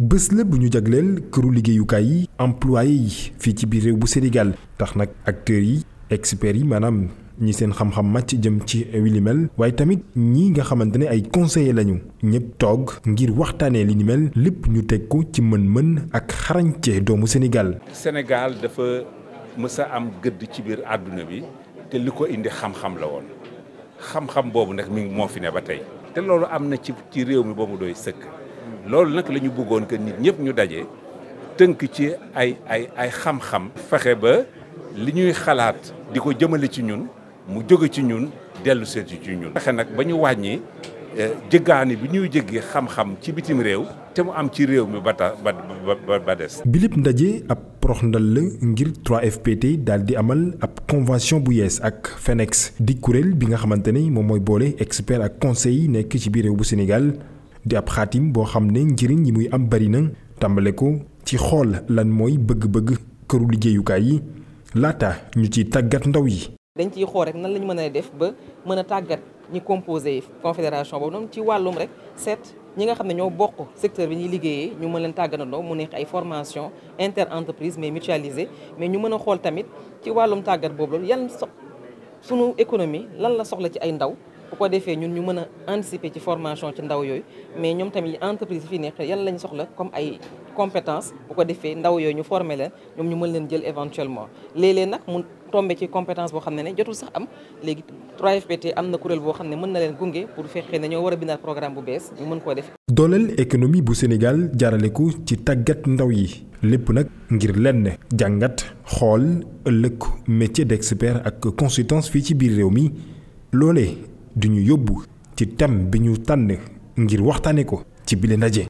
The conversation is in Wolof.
bés la bu ñu jagleel këru liggéeyukaay yi employé yi fii ci biir réew bu senegal tax nag acteurs yi experts yi maanaam ñi seen xam-xam màcc jëm ci wili mel waaye tamit ñi nga xamante ne ay conseillers lañu ñépp toog ngir waxtaanee li ni mel lépp ñu teg ko ci mën-mën ak xarañte doomu Sénégal. senegal dafa mës a am gëdd ci biir àdduna bi te li ko indi xam-xam la woon. xam-xam boobu nag mi moo fi ne ba tey te loolu am na ci ci réew mi boobu doy sëkk loolu nag lañu ñu bëggoon que nit ñëpp ñu daje tënk ci ay ay ay xam-xam fexe ba li ñuy xalaat di ko jëmale ci ñun mu jóge ci ñun dellu seeti ci ñun fexe nag ba ñu wàññi Eh, jëggaani bi ñuy jëggee xam-xam ci bitim réew te mu am ci réew mi ba ta ba des. bilip ndaje ab prox ndal la ngir 3FPT daal di amal ab convention bu yees ak FENEX di kuréel bi nga xamante ni moom mooy boole expert ak conseil yi nekk ci biir réew bu senegal di ab xaatim boo xam ne njëriñ yi muy am bari na tàmbale ko ci xool lan mooy bëgg-bëgg këru liggéeyukaay yi laata ñu ci tàggat ndaw yi. dañ ciy xool rek nan la ñu mën a def ba mën a tàggat ñi composé confédération boobu noonu ci wàllum rek seet ñi nga xam ne ñoo bokk secteur bi ñuy liggéeyee ñu mën leen tàggatandoo mu nekk ay formation inter entreprise mais mutualisée mais ñu mën a xool tamit ci wàllum tàggat boobu loolu yan so sunu économie lan la soxla ci ay ndaw bu ko defee ñun ñu mën a anticiper ci formation ci ndaw yooyu mais ñoom tamit entreprise fi nekk yàlla lañu soxla comme ay compétence bu ko defee ndaw yooyu ñu former la ñoom ñu mën leen jël éventuellement léelée léeg nag mu tombé ci compétence boo xam ne ne jotul sax am léegi 3FPT am na kuréel boo xam ne mën na leen gunge pour fekkee ne ñoo war a bindaat programme bu bees ñu mën koo def. dooleel économie bu Sénégal jaarale ko ci tàggat ndaw yi lépp nag ngir lenn jàngat xool ëllëg métier d'expert ak consultance fii ci biir réew mi duñu yóbbu ci thème bi ñu tànn ngir waxtaane ko ci bile ndaje